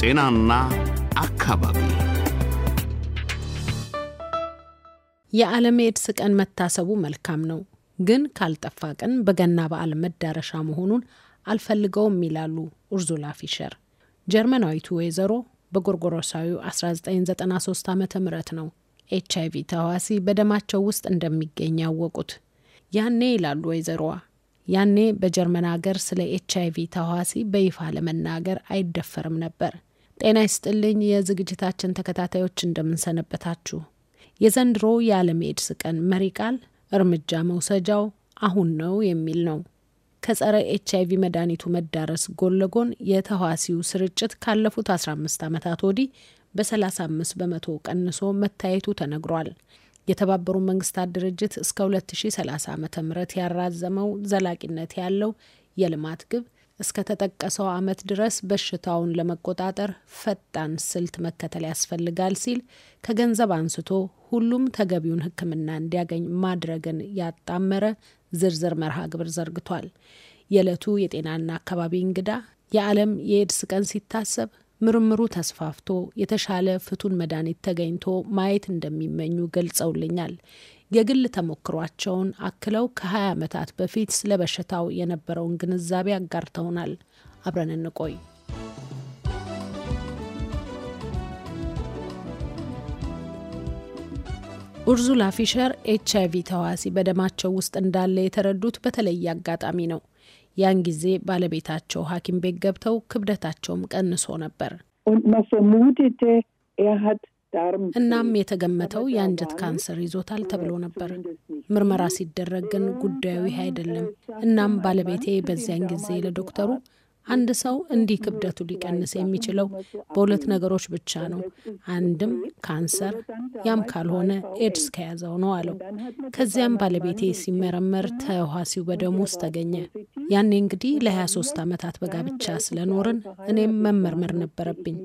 ጤናና አካባቢ የዓለም ኤድስ ቀን መታሰቡ መልካም ነው፣ ግን ካልጠፋ ቀን በገና በዓል መዳረሻ መሆኑን አልፈልገውም ይላሉ ኡርዙላ ፊሸር። ጀርመናዊቱ ወይዘሮ በጎርጎሮሳዊው 1993 ዓ ም ነው ኤች አይቪ ተህዋሲ በደማቸው ውስጥ እንደሚገኝ ያወቁት። ያኔ ይላሉ ወይዘሮዋ ያኔ በጀርመን ሀገር ስለ ኤች አይቪ ተዋሲ በይፋ ለመናገር አይደፈርም ነበር። ጤና ይስጥልኝ የዝግጅታችን ተከታታዮች እንደምንሰነበታችሁ። የዘንድሮ የዓለም ኤድስ ቀን መሪ ቃል እርምጃ መውሰጃው አሁን ነው የሚል ነው። ከጸረ ኤች አይቪ መድኃኒቱ መዳረስ ጎን ለጎን የተዋሲው ስርጭት ካለፉት 15 ዓመታት ወዲህ በ35 በመቶ ቀንሶ መታየቱ ተነግሯል። የተባበሩ መንግስታት ድርጅት እስከ 2030 ዓ ም ያራዘመው ዘላቂነት ያለው የልማት ግብ እስከ ተጠቀሰው ዓመት ድረስ በሽታውን ለመቆጣጠር ፈጣን ስልት መከተል ያስፈልጋል ሲል ከገንዘብ አንስቶ ሁሉም ተገቢውን ሕክምና እንዲያገኝ ማድረግን ያጣመረ ዝርዝር መርሃ ግብር ዘርግቷል። የዕለቱ የጤናና አካባቢ እንግዳ የዓለም የኤድስ ቀን ሲታሰብ ምርምሩ ተስፋፍቶ የተሻለ ፍቱን መድኃኒት ተገኝቶ ማየት እንደሚመኙ ገልጸውልኛል። የግል ተሞክሯቸውን አክለው ከ20 ዓመታት በፊት ስለ በሽታው የነበረውን ግንዛቤ አጋርተውናል። አብረን እንቆይ። ኡርዙላ ፊሸር ኤች አይቪ ተዋሲ በደማቸው ውስጥ እንዳለ የተረዱት በተለየ አጋጣሚ ነው። ያን ጊዜ ባለቤታቸው ሐኪም ቤት ገብተው ክብደታቸውም ቀንሶ ነበር። እናም የተገመተው የአንጀት ካንሰር ይዞታል ተብሎ ነበር። ምርመራ ሲደረግ ግን ጉዳዩ ይህ አይደለም። እናም ባለቤቴ በዚያን ጊዜ ለዶክተሩ አንድ ሰው እንዲህ ክብደቱ ሊቀንስ የሚችለው በሁለት ነገሮች ብቻ ነው። አንድም ካንሰር፣ ያም ካልሆነ ኤድስ ከያዘው ነው አለው። ከዚያም ባለቤቴ ሲመረመር ተህዋሲው በደሙ ውስጥ ተገኘ። ያኔ እንግዲህ ለ23 ዓመታት በጋብቻ ስለኖርን እኔም መመርመር ነበረብኝ።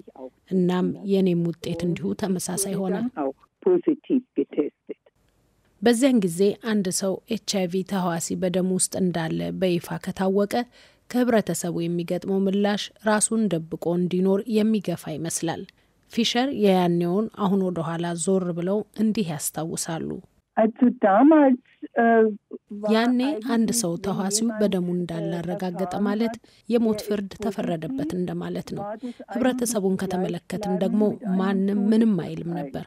እናም የእኔም ውጤት እንዲሁ ተመሳሳይ ሆነ። በዚያን ጊዜ አንድ ሰው ኤች አይቪ ተህዋሲ በደም ውስጥ እንዳለ በይፋ ከታወቀ ከህብረተሰቡ የሚገጥመው ምላሽ ራሱን ደብቆ እንዲኖር የሚገፋ ይመስላል። ፊሸር የያኔውን አሁን ወደኋላ ዞር ብለው እንዲህ ያስታውሳሉ። ያኔ አንድ ሰው ተዋሲው በደሙ እንዳላረጋገጠ ማለት የሞት ፍርድ ተፈረደበት እንደማለት ነው። ህብረተሰቡን ከተመለከትን ደግሞ ማንም ምንም አይልም ነበር።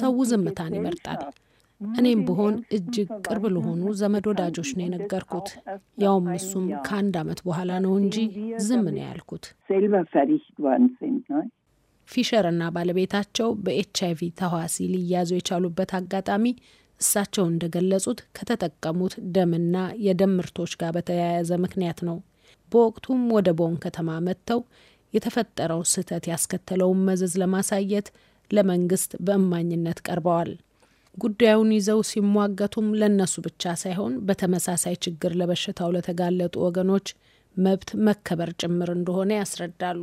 ሰው ዝምታን ይመርጣል። እኔም ብሆን እጅግ ቅርብ ለሆኑ ዘመድ ወዳጆች ነው የነገርኩት። ያውም እሱም ከአንድ ዓመት በኋላ ነው እንጂ ዝም ነው ያልኩት። ፊሸር እና ባለቤታቸው በኤች አይቪ ተዋሲ ሊያዙ የቻሉበት አጋጣሚ እሳቸው እንደገለጹት ከተጠቀሙት ደምና የደም ምርቶች ጋር በተያያዘ ምክንያት ነው። በወቅቱም ወደ ቦን ከተማ መጥተው የተፈጠረው ስህተት ያስከተለውን መዘዝ ለማሳየት ለመንግስት በእማኝነት ቀርበዋል። ጉዳዩን ይዘው ሲሟገቱም ለእነሱ ብቻ ሳይሆን በተመሳሳይ ችግር ለበሽታው ለተጋለጡ ወገኖች መብት መከበር ጭምር እንደሆነ ያስረዳሉ።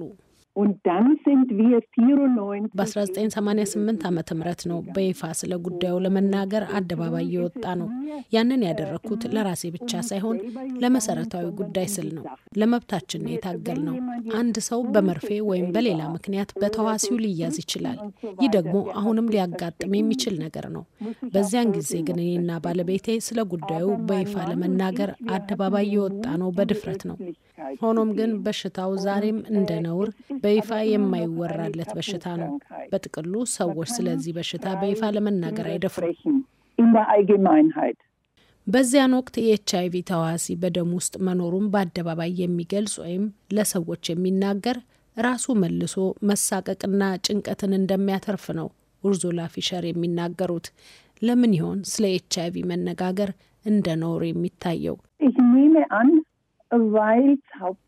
Und dann sind wir 94. በ1988 ዓ ም ነው በይፋ ስለ ጉዳዩ ለመናገር አደባባይ የወጣ ነው። ያንን ያደረግኩት ለራሴ ብቻ ሳይሆን ለመሰረታዊ ጉዳይ ስል ነው። ለመብታችን የታገል ነው። አንድ ሰው በመርፌ ወይም በሌላ ምክንያት በተዋሲው ሊያዝ ይችላል። ይህ ደግሞ አሁንም ሊያጋጥም የሚችል ነገር ነው። በዚያን ጊዜ ግን እኔና ባለቤቴ ስለ ጉዳዩ በይፋ ለመናገር አደባባይ የወጣ ነው በድፍረት ነው። ሆኖም ግን በሽታው ዛሬም እንደ ነውር በይፋ የማይወራለት በሽታ ነው። በጥቅሉ ሰዎች ስለዚህ በሽታ በይፋ ለመናገር አይደፍሩም። በዚያን ወቅት የኤች አይቪ ተዋሲ በደም ውስጥ መኖሩን በአደባባይ የሚገልጽ ወይም ለሰዎች የሚናገር ራሱ መልሶ መሳቀቅና ጭንቀትን እንደሚያተርፍ ነው ኡርዙላ ፊሸር የሚናገሩት። ለምን ይሆን ስለ ኤች አይቪ መነጋገር እንደ ኖር የሚታየው?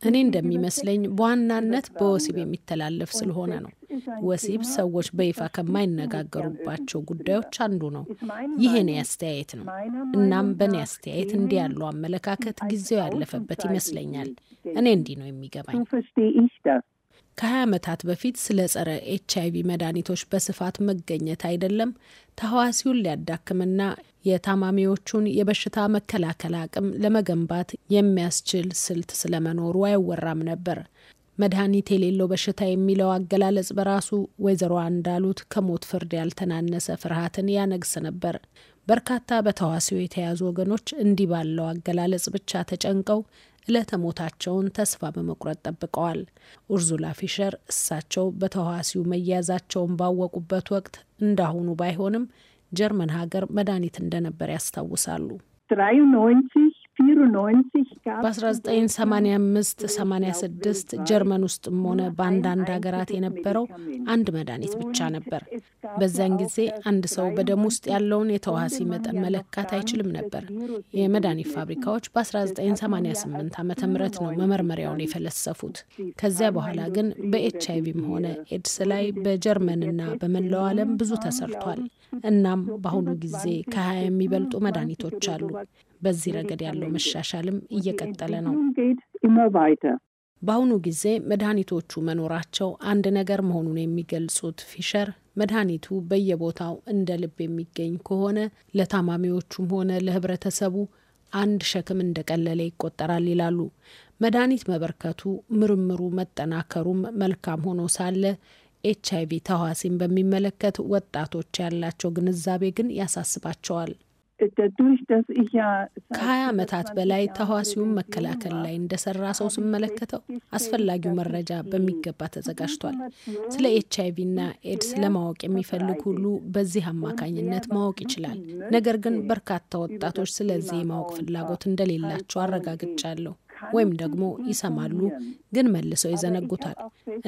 እኔ እንደሚመስለኝ በዋናነት በወሲብ የሚተላለፍ ስለሆነ ነው። ወሲብ ሰዎች በይፋ ከማይነጋገሩባቸው ጉዳዮች አንዱ ነው። ይህ የኔ አስተያየት ነው። እናም በእኔ አስተያየት እንዲህ ያለው አመለካከት ጊዜው ያለፈበት ይመስለኛል። እኔ እንዲህ ነው የሚገባኝ። ከ20 ዓመታት በፊት ስለ ጸረ ኤች አይቪ መድኃኒቶች በስፋት መገኘት አይደለም ተህዋሲውን ሊያዳክምና የታማሚዎቹን የበሽታ መከላከል አቅም ለመገንባት የሚያስችል ስልት ስለመኖሩ አይወራም ነበር። መድኃኒት የሌለው በሽታ የሚለው አገላለጽ በራሱ ወይዘሮ እንዳሉት ከሞት ፍርድ ያልተናነሰ ፍርሃትን ያነግስ ነበር። በርካታ በተዋሲው የተያዙ ወገኖች እንዲህ ባለው አገላለጽ ብቻ ተጨንቀው ዕለተ ሞታቸውን ተስፋ በመቁረጥ ጠብቀዋል። ኡርዙላ ፊሸር እሳቸው በተዋሲው መያዛቸውን ባወቁበት ወቅት እንዳሁኑ ባይሆንም ጀርመን ሀገር መድኃኒት እንደነበር ያስታውሳሉ። በ1985 86 ጀርመን ውስጥም ሆነ በአንዳንድ ሀገራት የነበረው አንድ መድኃኒት ብቻ ነበር። በዚያን ጊዜ አንድ ሰው በደም ውስጥ ያለውን የተዋሲ መጠን መለካት አይችልም ነበር። የመድኃኒት ፋብሪካዎች በ1988 ዓ ም ነው መመርመሪያውን የፈለሰፉት። ከዚያ በኋላ ግን በኤች አይቪም ሆነ ኤድስ ላይ በጀርመንና በመላው ዓለም ብዙ ተሰርቷል። እናም በአሁኑ ጊዜ ከሀያ የሚበልጡ መድኃኒቶች አሉ። በዚህ ረገድ ያለው መሻሻልም እየቀጠለ ነው። በአሁኑ ጊዜ መድኃኒቶቹ መኖራቸው አንድ ነገር መሆኑን የሚገልጹት ፊሸር መድኃኒቱ በየቦታው እንደ ልብ የሚገኝ ከሆነ ለታማሚዎቹም ሆነ ለህብረተሰቡ አንድ ሸክም እንደቀለለ ይቆጠራል ይላሉ። መድኃኒት መበርከቱ፣ ምርምሩ መጠናከሩም መልካም ሆኖ ሳለ ኤች አይቪ ተህዋሲን በሚመለከት ወጣቶች ያላቸው ግንዛቤ ግን ያሳስባቸዋል። Äh, ከሀያ ዓመታት በላይ ተህዋሲውን መከላከል ላይ እንደሰራ ሰው ስመለከተው አስፈላጊው መረጃ በሚገባ ተዘጋጅቷል። ስለ ኤች እና ኤድስ ለማወቅ የሚፈልግ ሁሉ በዚህ አማካኝነት ማወቅ ይችላል። ነገር ግን በርካታ ወጣቶች ስለዚህ የማወቅ ፍላጎት እንደሌላቸው አረጋግጫለሁ። ወይም ደግሞ ይሰማሉ ግን መልሰው ይዘነጉታል።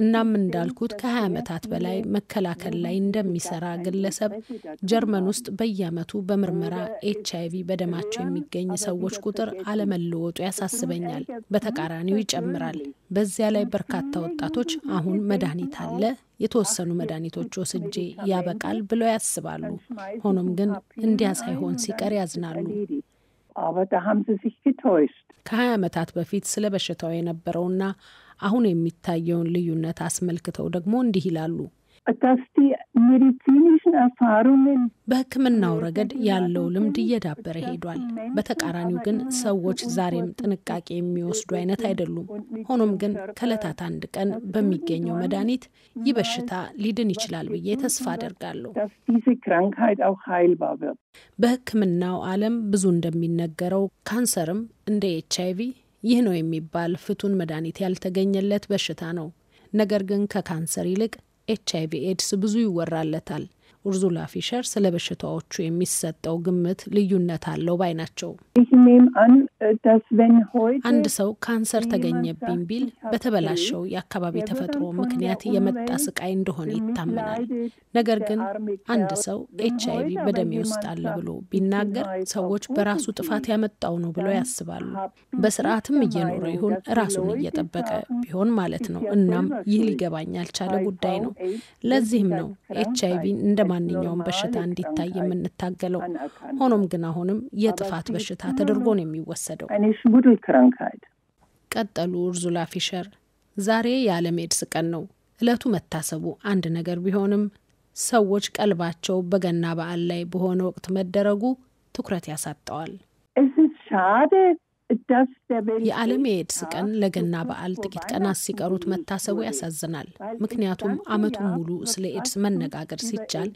እናም እንዳልኩት ከ20 ዓመታት በላይ መከላከል ላይ እንደሚሰራ ግለሰብ ጀርመን ውስጥ በየዓመቱ በምርመራ ኤች አይቪ በደማቸው የሚገኝ ሰዎች ቁጥር አለመለወጡ ያሳስበኛል። በተቃራኒው ይጨምራል። በዚያ ላይ በርካታ ወጣቶች አሁን መድኃኒት አለ የተወሰኑ መድኃኒቶች ወስጄ ያበቃል ብለው ያስባሉ። ሆኖም ግን እንዲያ ሳይሆን ሲቀር ያዝናሉ። aber da haben sie sich getäuscht። ከ20 ዓመታት በፊት ስለ በሽታው የነበረውና አሁን የሚታየውን ልዩነት አስመልክተው ደግሞ እንዲህ ይላሉ። በሕክምናው ረገድ ያለው ልምድ እየዳበረ ሄዷል። በተቃራኒው ግን ሰዎች ዛሬም ጥንቃቄ የሚወስዱ አይነት አይደሉም። ሆኖም ግን ከእለታት አንድ ቀን በሚገኘው መድኃኒት ይህ በሽታ ሊድን ይችላል ብዬ ተስፋ አደርጋለሁ። በሕክምናው ዓለም ብዙ እንደሚነገረው ካንሰርም እንደ ኤች አይቪ ይህ ነው የሚባል ፍቱን መድኃኒት ያልተገኘለት በሽታ ነው። ነገር ግን ከካንሰር ይልቅ ኤች አይቪ ኤድስ ብዙ ይወራለታል። ኡርዙላ ፊሸር ስለ በሽታዎቹ የሚሰጠው ግምት ልዩነት አለው ባይ ናቸው። አንድ ሰው ካንሰር ተገኘብኝ ቢል በተበላሸው የአካባቢ ተፈጥሮ ምክንያት የመጣ ስቃይ እንደሆነ ይታመናል። ነገር ግን አንድ ሰው ኤች አይቪ በደሜ ውስጥ አለ ብሎ ቢናገር ሰዎች በራሱ ጥፋት ያመጣው ነው ብለው ያስባሉ። በስርዓትም እየኖረ ይሁን ራሱን እየጠበቀ ቢሆን ማለት ነው። እናም ይህ ሊገባኝ ያልቻለ ጉዳይ ነው። ለዚህም ነው ኤች አይቪ እንደ ማንኛውም በሽታ እንዲታይ የምንታገለው። ሆኖም ግን አሁንም የጥፋት በሽታ ተደርጎ ነው የሚወሰደው። ቀጠሉ ኡርዙላ ፊሸር። ዛሬ የዓለም ኤድስ ቀን ነው። እለቱ መታሰቡ አንድ ነገር ቢሆንም ሰዎች ቀልባቸው በገና በዓል ላይ በሆነ ወቅት መደረጉ ትኩረት ያሳጠዋል። የዓለም የኤድስ ቀን ለገና በዓል ጥቂት ቀናት ሲቀሩት መታሰቡ ያሳዝናል። ምክንያቱም ዓመቱን ሙሉ ስለ ኤድስ መነጋገር ሲቻል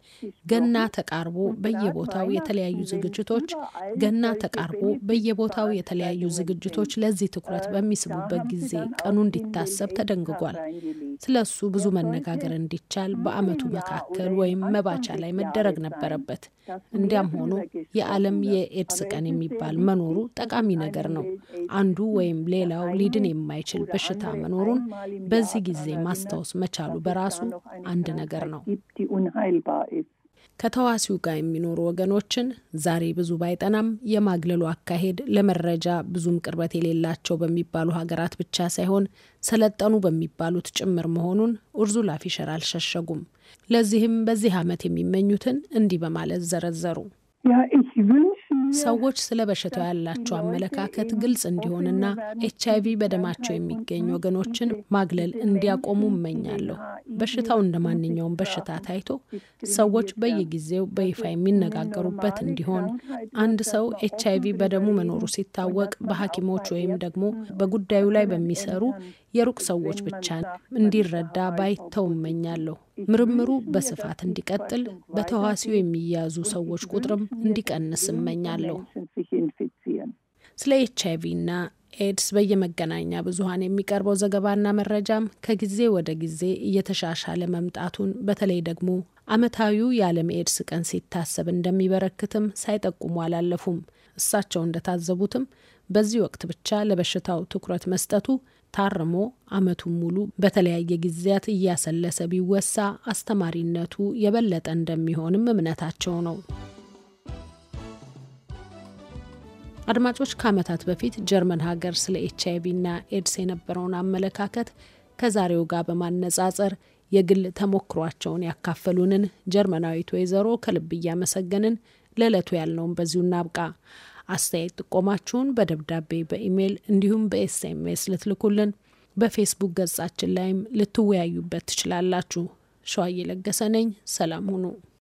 ገና ተቃርቦ በየቦታው የተለያዩ ዝግጅቶች ገና ተቃርቦ በየቦታው የተለያዩ ዝግጅቶች ለዚህ ትኩረት በሚስቡበት ጊዜ ቀኑ እንዲታሰብ ተደንግጓል። ስለ እሱ ብዙ መነጋገር እንዲቻል በዓመቱ መካከል ወይም መባቻ ላይ መደረግ ነበረበት። እንዲያም ሆኖ የዓለም የኤድስ ቀን የሚባል መኖሩ ጠቃሚ ነገር ነው። አንዱ ወይም ሌላው ሊድን የማይችል በሽታ መኖሩን በዚህ ጊዜ ማስታወስ መቻሉ በራሱ አንድ ነገር ነው። ከተዋሲው ጋር የሚኖሩ ወገኖችን ዛሬ ብዙ ባይጠናም የማግለሉ አካሄድ ለመረጃ ብዙም ቅርበት የሌላቸው በሚባሉ ሀገራት ብቻ ሳይሆን ሰለጠኑ በሚባሉት ጭምር መሆኑን ኡርዙላ ፊሸር አልሸሸጉም። ለዚህም በዚህ ዓመት የሚመኙትን እንዲህ በማለት ዘረዘሩ። ያ ኢች ሰዎች ስለ በሽታው ያላቸው አመለካከት ግልጽ እንዲሆንና ኤች አይቪ በደማቸው የሚገኝ ወገኖችን ማግለል እንዲያቆሙ እመኛለሁ። በሽታው እንደ ማንኛውም በሽታ ታይቶ ሰዎች በየጊዜው በይፋ የሚነጋገሩበት እንዲሆን፣ አንድ ሰው ኤች አይቪ በደሙ መኖሩ ሲታወቅ በሐኪሞች ወይም ደግሞ በጉዳዩ ላይ በሚሰሩ የሩቅ ሰዎች ብቻ እንዲረዳ ባይተው እመኛለሁ። ምርምሩ በስፋት እንዲቀጥል፣ በተዋሲው የሚያዙ ሰዎች ቁጥርም እንዲቀንስ እመኛለሁ። ስለ ኤች አይ ቪ ና ኤድስ በየመገናኛ ብዙኃን የሚቀርበው ዘገባና መረጃም ከጊዜ ወደ ጊዜ እየተሻሻለ መምጣቱን በተለይ ደግሞ ዓመታዊው የዓለም ኤድስ ቀን ሲታሰብ እንደሚበረክትም ሳይጠቁሙ አላለፉም። እሳቸው እንደታዘቡትም በዚህ ወቅት ብቻ ለበሽታው ትኩረት መስጠቱ ታርሞ ዓመቱን ሙሉ በተለያየ ጊዜያት እያሰለሰ ቢወሳ አስተማሪነቱ የበለጠ እንደሚሆንም እምነታቸው ነው። አድማጮች ከዓመታት በፊት ጀርመን ሀገር ስለ ኤች አይ ቪ እና ኤድስ የነበረውን አመለካከት ከዛሬው ጋር በማነጻጸር የግል ተሞክሯቸውን ያካፈሉንን ጀርመናዊት ወይዘሮ ከልብ እያመሰገንን ለዕለቱ ያልነውን በዚሁ እናብቃ። አስተያየት ጥቆማችሁን በደብዳቤ በኢሜይል እንዲሁም በኤስኤምኤስ ልትልኩልን በፌስቡክ ገጻችን ላይም ልትወያዩበት ትችላላችሁ። ሸዋዬ ለገሰ ነኝ። ሰላም ሁኑ።